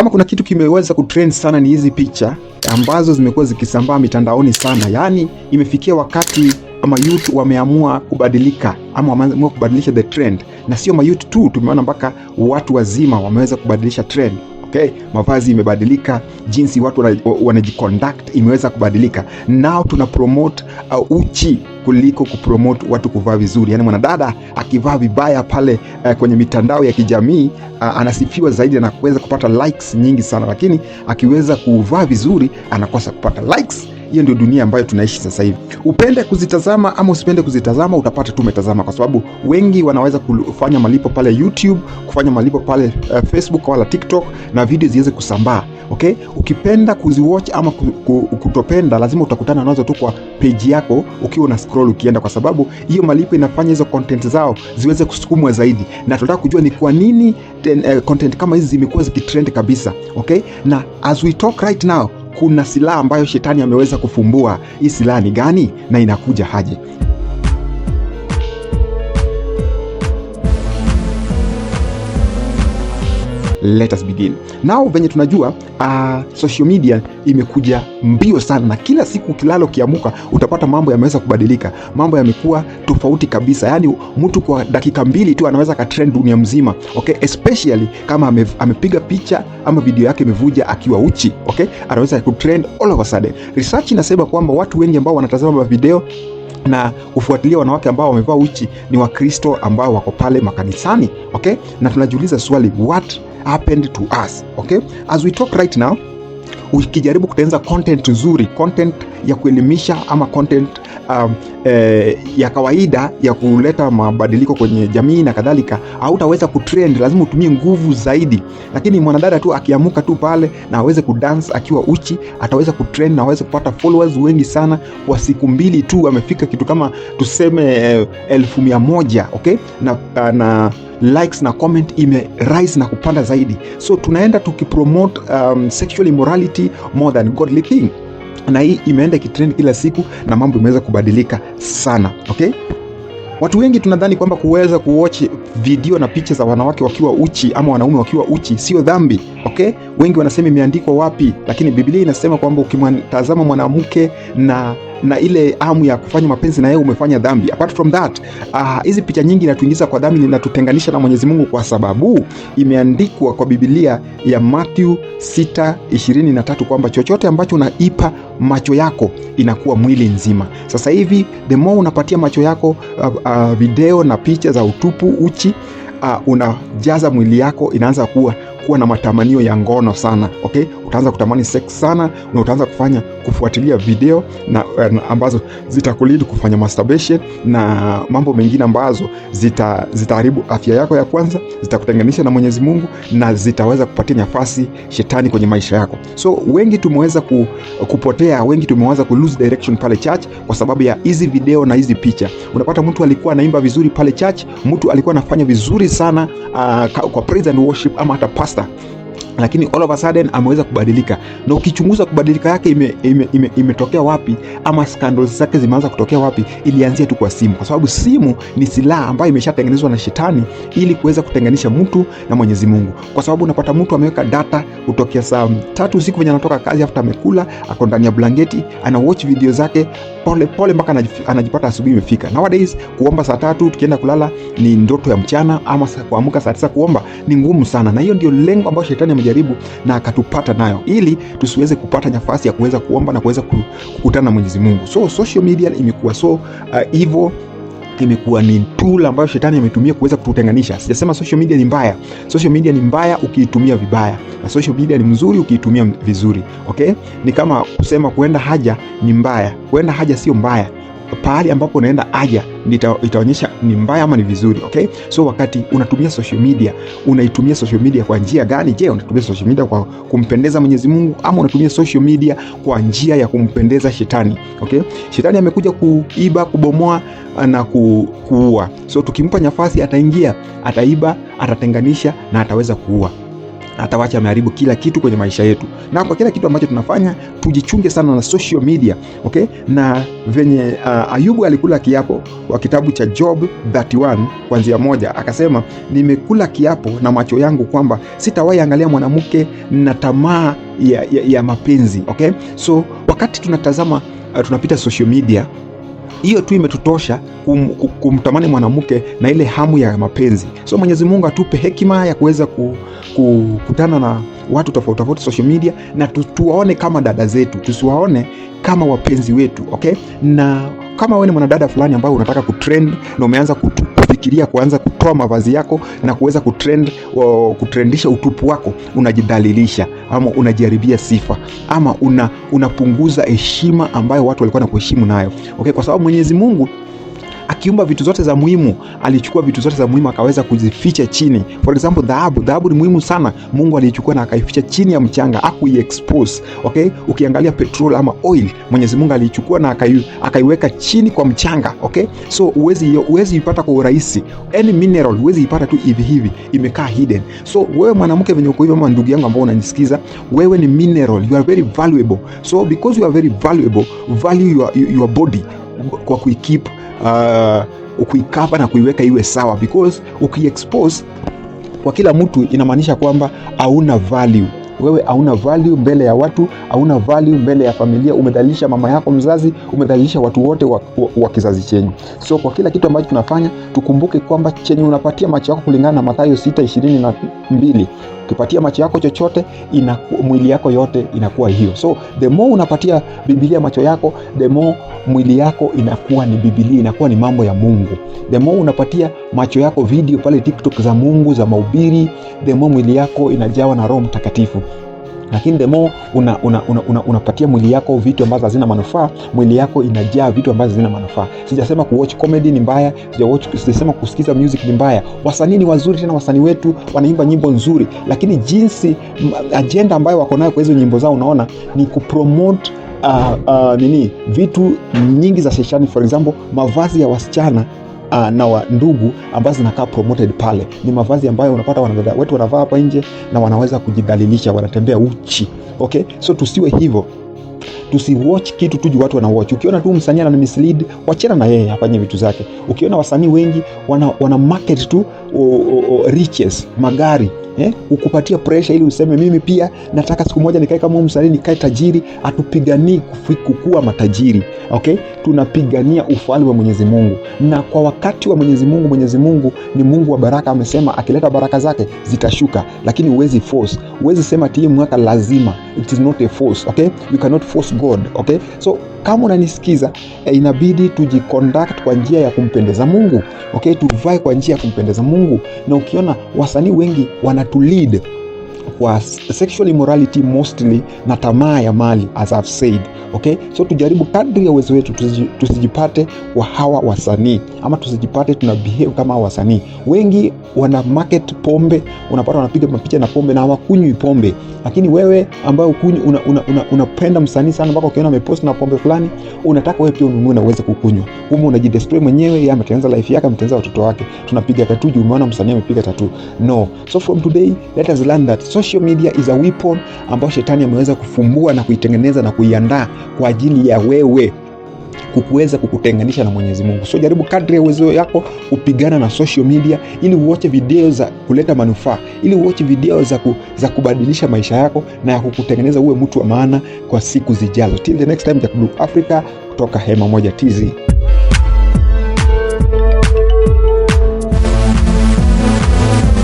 Kama kuna kitu kimeweza kutrend sana ni hizi picha ambazo zimekuwa zikisambaa mitandaoni sana, yaani imefikia wakati ama youth wameamua kubadilika ama wameamua kubadilisha the trend, na sio ma youth tu, tumeona mpaka watu wazima wameweza kubadilisha trend. Okay, mavazi imebadilika, jinsi watu wanajiconduct imeweza kubadilika. Nao tuna promote uh, uchi kuliko kupromote watu kuvaa vizuri. Yani mwanadada akivaa vibaya pale eh, kwenye mitandao ya kijamii ah, anasifiwa zaidi na kuweza kupata likes nyingi sana, lakini akiweza kuvaa vizuri anakosa kupata likes. Hiyo ndio dunia ambayo tunaishi sasa hivi. Upende kuzitazama ama usipende kuzitazama, utapata tu umetazama, kwa sababu wengi wanaweza kufanya malipo pale YouTube, kufanya malipo pale uh, Facebook wala TikTok, na video ziweze kusambaa okay? Ukipenda kuziwatch ama kutopenda, lazima utakutana nazo tu kwa page yako ukiwa una scroll ukienda, kwa sababu hiyo malipo inafanya hizo content zao ziweze kusukumwa zaidi, na tunataka kujua ni kwa nini ten, uh, content kama hizi zimekuwa zikitrend kabisa, okay? Na as we talk right now, kuna silaha ambayo shetani ameweza kufumbua. Hii silaha ni gani na inakuja haje? let us begin. Nao venye tunajua uh, social media imekuja mbio sana, na kila siku kilalo kiamuka utapata mambo yameweza kubadilika, mambo yamekuwa tofauti kabisa. Yani mtu kwa dakika mbili tu anaweza trend dunia mzima okay? Especially kama ame, amepiga picha ama video yake imevuja akiwa uchi okay? anaweza trend all of a sudden. Research inasema kwamba watu wengi ambao wanatazama video na kufuatilia wanawake ambao wamevaa uchi ni Wakristo ambao wako pale makanisani okay? na tunajiuliza swali what happened to us okay? As we talk right now, ukijaribu kutengeneza content nzuri, content ya kuelimisha ama content um, eh, ya kawaida ya kuleta mabadiliko kwenye jamii na kadhalika, hautaweza kutrend. Lazima utumie nguvu zaidi, lakini mwanadada tu akiamuka tu pale na aweze kudance akiwa uchi, ataweza kutrend na aweze kupata followers wengi sana. Kwa siku mbili tu amefika kitu kama tuseme eh, elfu mia moja okay? na, na likes na comment ime rise na kupanda zaidi, so tunaenda tukipromote um, sexual immorality more than godly thing, na hii imeenda ikitrend kila siku na mambo imeweza kubadilika sana, okay? Watu wengi tunadhani kwamba kuweza kuwatch video na picha za wanawake wakiwa uchi ama wanaume wakiwa uchi sio dhambi, okay? Wengi wanasema imeandikwa wapi, lakini Biblia inasema kwamba ukimtazama mwanamke na na ile amu ya kufanya mapenzi na yeye umefanya dhambi. Apart from that, ah, hizi uh, picha nyingi inatuingiza kwa dhambi, inatutenganisha na Mwenyezi Mungu kwa sababu imeandikwa kwa Biblia ya Matthew 6:23 kwamba chochote ambacho unaipa macho yako inakuwa mwili nzima. Sasa hivi the more unapatia macho yako uh, uh, video na picha za utupu uchi, uh, unajaza mwili yako inaanza kuwa kuwa na matamanio ya ngono sana, okay? Utaanza kutamani sex sana na utaanza kufanya kufuatilia video na, eh, na ambazo zitakulidi kufanya masturbation na mambo mengine ambazo zitaharibu zita afya yako ya kwanza, zitakutenganisha na Mwenyezi Mungu na zitaweza kupatia nafasi shetani kwenye maisha yako. So wengi tumeweza ku, kupotea, wengi tumeweza ku lose direction pale church kwa sababu ya hizi video na hizi picha. Unapata mtu alikuwa anaimba vizuri pale church, mtu alikuwa anafanya vizuri sana uh, kwa praise and worship ama hata basta. lakini all of a sudden ameweza kubadilika, na ukichunguza kubadilika yake imetokea ime, ime, ime wapi, ama scandals zake zimeanza kutokea wapi? Ilianzia tu kwa simu, kwa sababu simu ni silaha ambayo imeshatengenezwa na shetani ili kuweza kutenganisha mtu na Mwenyezi Mungu, kwa sababu unapata mtu ameweka data kutokea saa tatu usiku venye anatoka kazi after amekula, ako ndani ya blanketi, ana watch video zake pole pole mpaka anajipata asubuhi imefika. Nowadays kuomba saa tatu tukienda kulala ni ndoto ya mchana, ama kuamka saa tisa kuomba ni ngumu sana, na hiyo ndio lengo ambayo shetani kujaribu na akatupata nayo, ili tusiweze kupata nafasi ya kuweza kuomba na kuweza kukutana na Mwenyezi Mungu. So social media imekuwa so hivyo uh, imekuwa ni tool ambayo shetani ametumia kuweza kututenganisha. Sijasema social media ni mbaya. Social media ni mbaya ukiitumia vibaya, na social media ni mzuri ukiitumia vizuri. Okay, ni kama kusema kuenda haja ni mbaya, kuenda haja sio mbaya pahali ambapo unaenda aja itaonyesha ni mbaya ama ni vizuri, okay? So wakati unatumia social media, unaitumia social media kwa njia gani? Je, unatumia social media kwa kumpendeza Mwenyezi Mungu ama unatumia social media kwa njia ya kumpendeza shetani? Okay? Shetani amekuja kuiba, kubomoa ah, na kuua. So tukimpa nafasi, ataingia, ataiba, atatenganisha na ataweza kuua na ameharibu kila kitu kwenye maisha yetu. Na kwa kila kitu ambacho tunafanya tujichunge sana na social media, okay? Na venye uh, Ayubu alikula kiapo kwa kitabu cha Job 31 kuanzia moja, akasema nimekula kiapo na macho yangu kwamba sitawahi angalia mwanamke na tamaa ya, ya, ya mapenzi, okay? So wakati tunatazama uh, tunapita social media hiyo tu imetutosha kum, kumtamani mwanamke na ile hamu ya mapenzi. So Mwenyezi Mungu atupe hekima ya kuweza kukutana ku, na watu tofauti tofauti social media, na tuwaone kama dada zetu, tusiwaone kama wapenzi wetu okay? na kama wewe ni mwanadada fulani ambao unataka kutrend na umeanza kutu kufikiria kuanza kutoa mavazi yako na kuweza kutrend, kutrendisha utupu wako, unajidhalilisha ama unajiharibia sifa ama una, unapunguza heshima ambayo watu walikuwa na kuheshimu nayo okay, kwa sababu Mwenyezi Mungu akiumba vitu zote za muhimu, alichukua vitu zote za muhimu akaweza kuzificha chini. For example, dhahabu. Dhahabu ni muhimu sana, Mungu alichukua na akaificha chini ya mchanga, expose. Okay, ukiangalia petrol ama oil, Mwenyezi Mungu alichukua na akai, akaiweka chini kwa mchanga. Okay, so uwezi uwezi ipata kwa urahisi. Any mineral uwezi ipata tu hivi hivi, imekaa hidden. So wewe mwanamke venye uko hivi, ama ndugu yangu ambao unanisikiza, wewe ni mineral, you are very valuable. So because you are very valuable, value your, your body kwa kuikip uh, kuikapa na kuiweka iwe sawa, because ukiexpose kwa kila mtu inamaanisha kwamba hauna value wewe hauna value mbele ya watu, hauna value mbele ya familia. Umedhalilisha mama yako mzazi, umedhalilisha watu wote wa, wa, wa kizazi chenyu. So kwa kila kitu ambacho tunafanya tukumbuke kwamba chenye unapatia macho yako kulingana na Mathayo 6:22 ukipatia macho yako chochote ina, mwili yako yote inakuwa hiyo. So the more unapatia Biblia macho yako, the more mwili yako inakuwa ni Biblia, inakuwa ni mambo ya Mungu. The more unapatia macho yako video pale TikTok za Mungu za maubiri the more mwili yako inajawa na Roho Mtakatifu lakini the more una, una, una, una, unapatia mwili yako vitu ambazo hazina manufaa, mwili yako inajaa vitu ambazo hazina manufaa. Sijasema kuwatch comedy ni mbaya, sijasema kusikiza music ni mbaya. Wasanii ni wazuri, tena wasanii wetu wanaimba nyimbo nzuri, lakini jinsi ajenda ambayo wako nayo kwa hizo nyimbo zao, unaona ni kupromote uh, uh, nini vitu nyingi za sheshani For example mavazi ya wasichana uh, na wa ndugu ambazo zinakaa promoted pale. Ni mavazi ambayo unapata wanadada wetu wanavaa hapa nje na wanaweza kujidhalilisha, wanatembea uchi. Okay, so tusiwe hivyo tusiwatch kitu tuji watu wana watch. Ukiona tu msanii ana mislead, wachana na yeye afanye vitu zake. Ukiona wasanii wengi wana, wana market tu o, o, o, riches, magari eh, ukupatia pressure ili useme mimi pia nataka siku moja nikae kama msanii nikae tajiri. atupiganii kukua matajiri okay? Tunapigania ufalme wa Mwenyezi Mungu, na kwa wakati wa Mwenyezi Mungu. Mwenyezi Mungu ni Mungu wa baraka, amesema akileta baraka zake zitashuka, lakini huwezi force, huwezi sema tii mwaka lazima It is not a force, okay? You cannot force God, okay? So kama unanisikiza eh, inabidi tujiconduct kwa njia ya kumpendeza Mungu, okay? Tuvae kwa njia ya kumpendeza Mungu, na ukiona wasanii wengi wanatulead kwa sexual immorality mostly na tamaa ya mali as I've said. Okay, so tujaribu kadri ya uwezo wetu, tusijipate wa hawa wasanii ama tusijipate tuna behave kama wasanii wengi. Wana market pombe, unapata wanapiga mapicha na pombe na hawakunywi pombe, lakini wewe ambaye ukunywa unapenda una, una, una msanii sana mpaka ukiona amepost na pombe fulani unataka wewe pia ununue na uweze kukunywa. Humo unajidestroy mwenyewe, yeye ametengeneza life yake, ametengeneza watoto wake. Tunapiga tatu, umeona msanii amepiga tatu. No, so from today let us learn that Social media is a weapon ambayo shetani ameweza kufumbua na kuitengeneza na kuiandaa kwa ajili ya wewe kukuweza kukutenganisha na Mwenyezi Mungu. So jaribu kadri ya uwezo yako kupigana na social media, ili uoche video za kuleta manufaa, ili uoche video za, ku, za kubadilisha maisha yako na ya kukutengeneza uwe mtu wa maana kwa siku zijazo. Till the next time, Jack Blue Africa kutoka Hema Moja TZ.